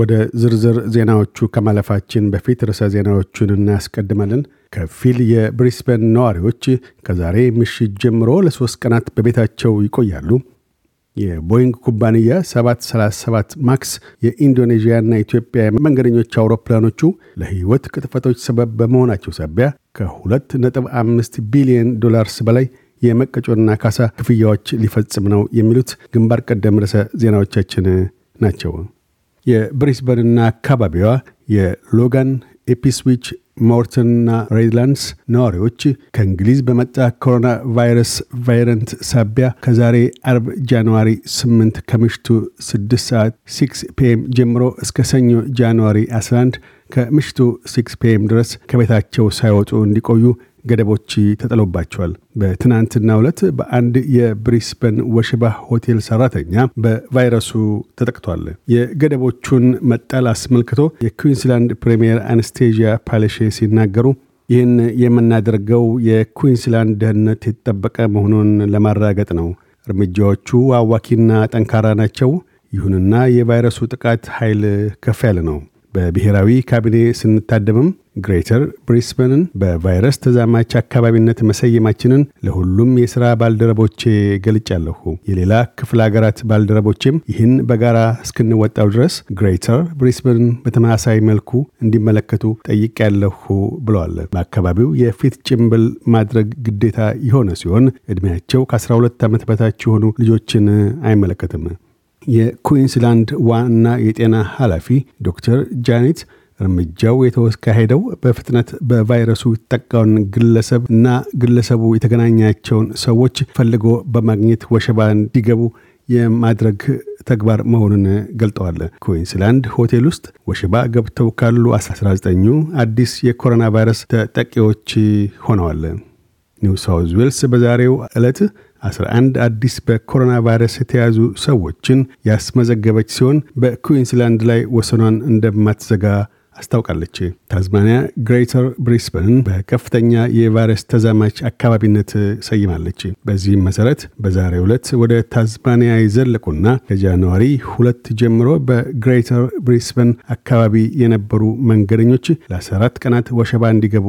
ወደ ዝርዝር ዜናዎቹ ከማለፋችን በፊት ርዕሰ ዜናዎቹን እናስቀድማለን። ከፊል የብሪስበን ነዋሪዎች ከዛሬ ምሽት ጀምሮ ለሶስት ቀናት በቤታቸው ይቆያሉ። የቦይንግ ኩባንያ 737 ማክስ የኢንዶኔዥያና ኢትዮጵያ መንገደኞች አውሮፕላኖቹ ለህይወት ቅጥፈቶች ሰበብ በመሆናቸው ሳቢያ ከ2.5 ቢሊዮን ዶላርስ በላይ የመቀጮና ካሳ ክፍያዎች ሊፈጽም ነው የሚሉት ግንባር ቀደም ርዕሰ ዜናዎቻችን ናቸው። የብሪስበንና አካባቢዋ የሎጋን ኤፒስዊች ሞርተንና ሬድላንድስ ነዋሪዎች ከእንግሊዝ በመጣ ኮሮና ቫይረስ ቫይረንት ሳቢያ ከዛሬ አርብ ጃንዋሪ 8 ከምሽቱ 6 ሰዓት 6 ፒኤም ጀምሮ እስከ ሰኞ ጃንዋሪ 11 ከምሽቱ 6 ፒኤም ድረስ ከቤታቸው ሳይወጡ እንዲቆዩ ገደቦች ተጠሎባቸዋል። በትናንትና ዕለት በአንድ የብሪስበን ወሽባ ሆቴል ሰራተኛ በቫይረሱ ተጠቅቷል። የገደቦቹን መጣል አስመልክቶ የኩዊንስላንድ ፕሬምየር አነስቴዥያ ፓሌሼ ሲናገሩ ይህን የምናደርገው የኩዊንስላንድ ደህንነት የተጠበቀ መሆኑን ለማረጋገጥ ነው። እርምጃዎቹ አዋኪና ጠንካራ ናቸው። ይሁንና የቫይረሱ ጥቃት ኃይል ከፍ ያለ ነው። በብሔራዊ ካቢኔ ስንታደምም ግሬተር ብሪስበንን በቫይረስ ተዛማች አካባቢነት መሰየማችንን ለሁሉም የሥራ ባልደረቦቼ ገልጫለሁ። የሌላ ክፍለ ሀገራት ባልደረቦቼም ይህን በጋራ እስክንወጣው ድረስ ግሬተር ብሪስበንን በተመሳሳይ መልኩ እንዲመለከቱ ያለሁ ብለዋል። በአካባቢው የፊት ጭምብል ማድረግ ግዴታ የሆነ ሲሆን ዕድሜያቸው ከ12 ዓመት በታች የሆኑ ልጆችን አይመለከትም። የኩዊንስላንድ ዋና የጤና ኃላፊ ዶክተር ጃኔት እርምጃው የተካሄደው በፍጥነት በቫይረሱ የተጠቃውን ግለሰብ እና ግለሰቡ የተገናኛቸውን ሰዎች ፈልጎ በማግኘት ወሸባ እንዲገቡ የማድረግ ተግባር መሆኑን ገልጠዋል። ኩዊንስላንድ ሆቴል ውስጥ ወሸባ ገብተው ካሉ 19ኙ አዲስ የኮሮና ቫይረስ ተጠቂዎች ሆነዋል። ኒው ሳውዝ ዌልስ በዛሬው ዕለት 11 አዲስ በኮሮና ቫይረስ የተያዙ ሰዎችን ያስመዘገበች ሲሆን በኩዊንስላንድ ላይ ወሰኗን እንደማትዘጋ አስታውቃለች። ታዝማኒያ ግሬተር ብሪስበን በከፍተኛ የቫይረስ ተዛማች አካባቢነት ሰይማለች። በዚህም መሰረት በዛሬ ሁለት ወደ ታዝማኒያ የዘለቁና ከጃንዋሪ ሁለት ጀምሮ በግሬተር ብሪስበን አካባቢ የነበሩ መንገደኞች ለ14 ቀናት ወሸባ እንዲገቡ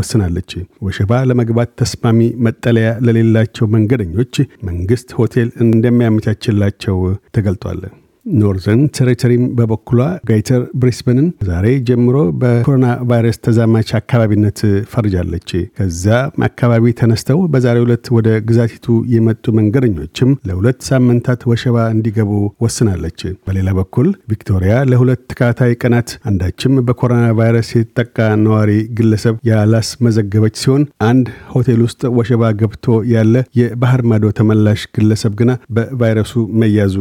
ወስናለች። ወሸባ ለመግባት ተስማሚ መጠለያ ለሌላቸው መንገደኞች መንግስት ሆቴል እንደሚያመቻችላቸው ተገልጧል። ኖርዘርን ቴሪተሪም በበኩሏ ጋይተር ብሪስበንን ዛሬ ጀምሮ በኮሮና ቫይረስ ተዛማች አካባቢነት ፈርጃለች። ከዛ አካባቢ ተነስተው በዛሬ ዕለት ወደ ግዛቲቱ የመጡ መንገደኞችም ለሁለት ሳምንታት ወሸባ እንዲገቡ ወስናለች። በሌላ በኩል ቪክቶሪያ ለሁለት ተከታታይ ቀናት አንዳችም በኮሮና ቫይረስ የተጠቃ ነዋሪ ግለሰብ ያላስመዘገበች ሲሆን አንድ ሆቴል ውስጥ ወሸባ ገብቶ ያለ የባህር ማዶ ተመላሽ ግለሰብ ግና በቫይረሱ መያዙ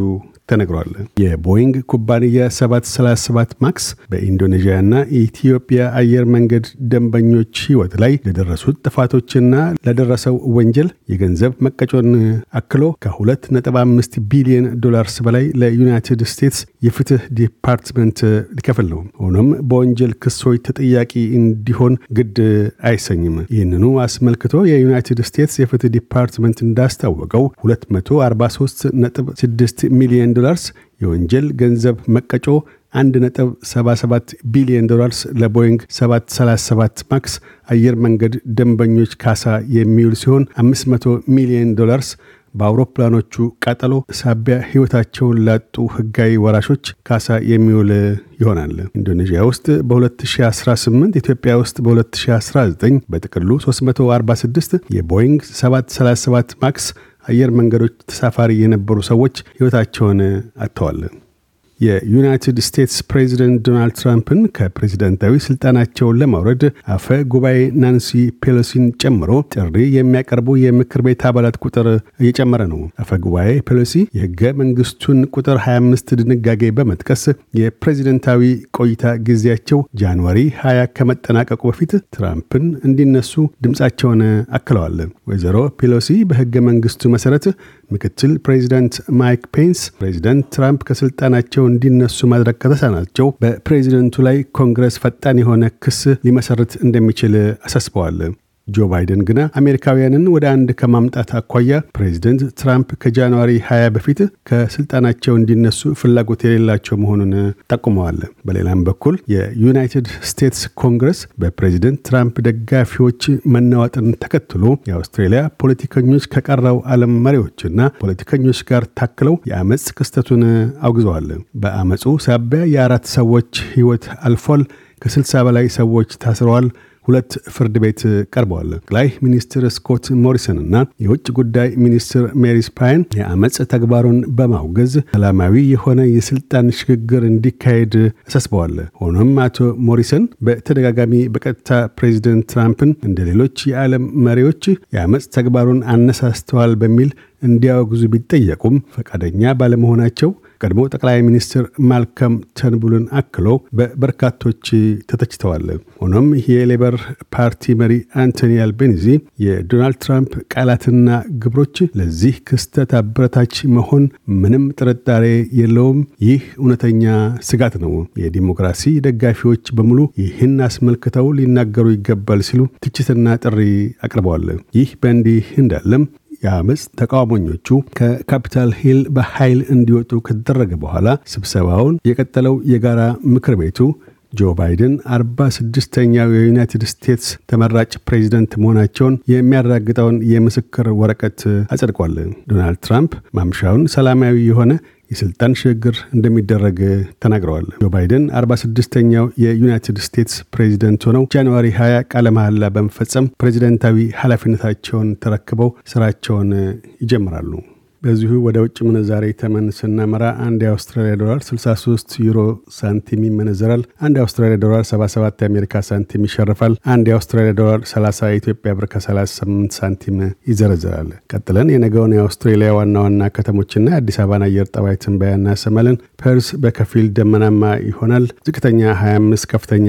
ተነግሯል። የቦይንግ ኩባንያ 737 ማክስ በኢንዶኔዥያና ኢትዮጵያ አየር መንገድ ደንበኞች ሕይወት ላይ ለደረሱት ጥፋቶችና ለደረሰው ወንጀል የገንዘብ መቀጮን አክሎ ከ2.5 ቢሊዮን ዶላርስ በላይ ለዩናይትድ ስቴትስ የፍትህ ዲፓርትመንት ሊከፍል ነው። ሆኖም በወንጀል ክሶች ተጠያቂ እንዲሆን ግድ አይሰኝም። ይህንኑ አስመልክቶ የዩናይትድ ስቴትስ የፍትህ ዲፓርትመንት እንዳስታወቀው 243.6 ሚሊዮን ዶላርስ የወንጀል ገንዘብ መቀጮ 1.77 ቢሊዮን ዶላርስ ለቦይንግ 737 ማክስ አየር መንገድ ደንበኞች ካሳ የሚውል ሲሆን 500 ሚሊዮን ዶላርስ በአውሮፕላኖቹ ቃጠሎ ሳቢያ ሕይወታቸውን ላጡ ሕጋዊ ወራሾች ካሳ የሚውል ይሆናል። ኢንዶኔዥያ ውስጥ በ2018 ኢትዮጵያ ውስጥ በ2019 በጥቅሉ 346 የቦይንግ 737 ማክስ አየር መንገዶች ተሳፋሪ የነበሩ ሰዎች ሕይወታቸውን አጥተዋል። የዩናይትድ ስቴትስ ፕሬዚደንት ዶናልድ ትራምፕን ከፕሬዚደንታዊ ስልጣናቸውን ለማውረድ አፈ ጉባኤ ናንሲ ፔሎሲን ጨምሮ ጥሪ የሚያቀርቡ የምክር ቤት አባላት ቁጥር እየጨመረ ነው። አፈ ጉባኤ ፔሎሲ የህገ መንግስቱን ቁጥር 25 ድንጋጌ በመጥቀስ የፕሬዚደንታዊ ቆይታ ጊዜያቸው ጃንዋሪ 20 ከመጠናቀቁ በፊት ትራምፕን እንዲነሱ ድምፃቸውን አክለዋል። ወይዘሮ ፔሎሲ በህገ መንግስቱ መሰረት ምክትል ፕሬዚደንት ማይክ ፔንስ ፕሬዚደንት ትራምፕ ከስልጣናቸው እንዲነሱ ማድረግ ከተሳናቸው በፕሬዚደንቱ ላይ ኮንግረስ ፈጣን የሆነ ክስ ሊመሰርት እንደሚችል አሳስበዋል። ጆ ባይደን ግና አሜሪካውያንን ወደ አንድ ከማምጣት አኳያ ፕሬዚደንት ትራምፕ ከጃንዋሪ 20 በፊት ከስልጣናቸው እንዲነሱ ፍላጎት የሌላቸው መሆኑን ጠቁመዋል። በሌላም በኩል የዩናይትድ ስቴትስ ኮንግረስ በፕሬዚደንት ትራምፕ ደጋፊዎች መናወጥን ተከትሎ የአውስትሬሊያ ፖለቲከኞች ከቀረው ዓለም መሪዎችና ፖለቲከኞች ጋር ታክለው የአመፅ ክስተቱን አውግዘዋል። በአመፁ ሳቢያ የአራት ሰዎች ህይወት አልፏል። ከ60 በላይ ሰዎች ታስረዋል። ሁለት ፍርድ ቤት ቀርበዋል። ጠቅላይ ሚኒስትር ስኮት ሞሪሰን እና የውጭ ጉዳይ ሚኒስትር ሜሪስ ፓይን የአመፅ ተግባሩን በማውገዝ ሰላማዊ የሆነ የስልጣን ሽግግር እንዲካሄድ አሳስበዋል። ሆኖም አቶ ሞሪሰን በተደጋጋሚ በቀጥታ ፕሬዚደንት ትራምፕን እንደ ሌሎች የዓለም መሪዎች የአመፅ ተግባሩን አነሳስተዋል በሚል እንዲያወግዙ ቢጠየቁም ፈቃደኛ ባለመሆናቸው ቀድሞ ጠቅላይ ሚኒስትር ማልከም ተንቡልን አክሎ በበርካቶች ተተችተዋል። ሆኖም የሌበር ፓርቲ መሪ አንቶኒ አልቤኒዚ የዶናልድ ትራምፕ ቃላትና ግብሮች ለዚህ ክስተት አበረታች መሆን ምንም ጥርጣሬ የለውም፣ ይህ እውነተኛ ስጋት ነው፣ የዲሞክራሲ ደጋፊዎች በሙሉ ይህን አስመልክተው ሊናገሩ ይገባል ሲሉ ትችትና ጥሪ አቅርበዋል። ይህ በእንዲህ እንዳለም የአመፅ ተቃዋሞኞቹ ከካፒታል ሂል በኃይል እንዲወጡ ከተደረገ በኋላ ስብሰባውን የቀጠለው የጋራ ምክር ቤቱ ጆ ባይደን አርባ ስድስተኛው የዩናይትድ ስቴትስ ተመራጭ ፕሬዚደንት መሆናቸውን የሚያረጋግጠውን የምስክር ወረቀት አጸድቋል ዶናልድ ትራምፕ ማምሻውን ሰላማዊ የሆነ የስልጣን ሽግግር እንደሚደረግ ተናግረዋል። ጆ ባይደን 46ኛው የዩናይትድ ስቴትስ ፕሬዚደንት ሆነው ጃንዋሪ 20 ቃለ መሐላ በመፈጸም ፕሬዚደንታዊ ኃላፊነታቸውን ተረክበው ስራቸውን ይጀምራሉ። በዚሁ ወደ ውጭ ምንዛሬ ተመን ስናመራ አንድ የአውስትራሊያ ዶላር 63 ዩሮ ሳንቲም ይመነዘራል። አንድ የአውስትራሊያ ዶላር 77 የአሜሪካ ሳንቲም ይሸርፋል። አንድ የአውስትራሊያ ዶላር 30 የኢትዮጵያ ብር ከ38 ሳንቲም ይዘረዝራል። ቀጥለን የነገውን የአውስትሬሊያ ዋና ዋና ከተሞችና የአዲስ አበባን አየር ጠባይ ትንበያ እናሰማለን። ፐርስ በከፊል ደመናማ ይሆናል። ዝቅተኛ 25፣ ከፍተኛ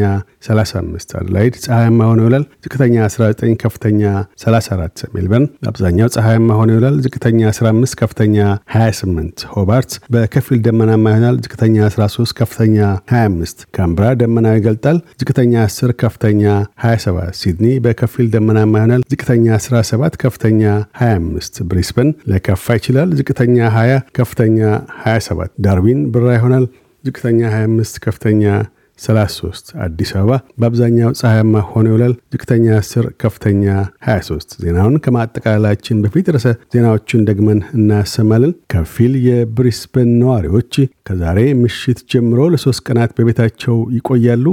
35። አድላይድ ፀሐያማ ሆኖ ይውላል። ዝቅተኛ 19፣ ከፍተኛ 34። ሜልበርን አብዛኛው ፀሐያማ ሆኖ ይውላል። ዝቅተኛ 15 ከፍተኛ 28፣ ሆባርት በከፊል ደመናማ ይሆናል። ዝቅተኛ 13፣ ከፍተኛ 25። ካምብራ ደመና ይገልጣል። ዝቅተኛ 10፣ ከፍተኛ 27። ሲድኒ በከፊል ደመናማ ይሆናል። ዝቅተኛ 17፣ ከፍተኛ 25። ብሪስበን ለከፋ ይችላል። ዝቅተኛ 20፣ ከፍተኛ 27። ዳርዊን ብራ ይሆናል። ዝቅተኛ 25፣ ከፍተኛ 33 አዲስ አበባ በአብዛኛው ፀሐያማ ሆኖ ይውላል። ዝቅተኛ 10 ከፍተኛ 23። ዜናውን ከማጠቃላላችን በፊት ርዕሰ ዜናዎቹን ደግመን እናሰማለን። ከፊል የብሪስበን ነዋሪዎች ከዛሬ ምሽት ጀምሮ ለሶስት ቀናት በቤታቸው ይቆያሉ።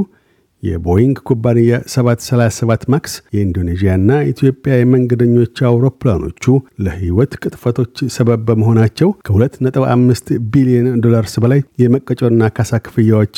የቦይንግ ኩባንያ 737 ማክስ የኢንዶኔዥያና ኢትዮጵያ የመንገደኞች አውሮፕላኖቹ ለሕይወት ቅጥፈቶች ሰበብ በመሆናቸው ከ2.5 ቢሊዮን ዶላርስ በላይ የመቀጮና ካሳ ክፍያዎች